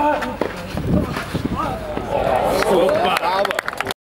Oh,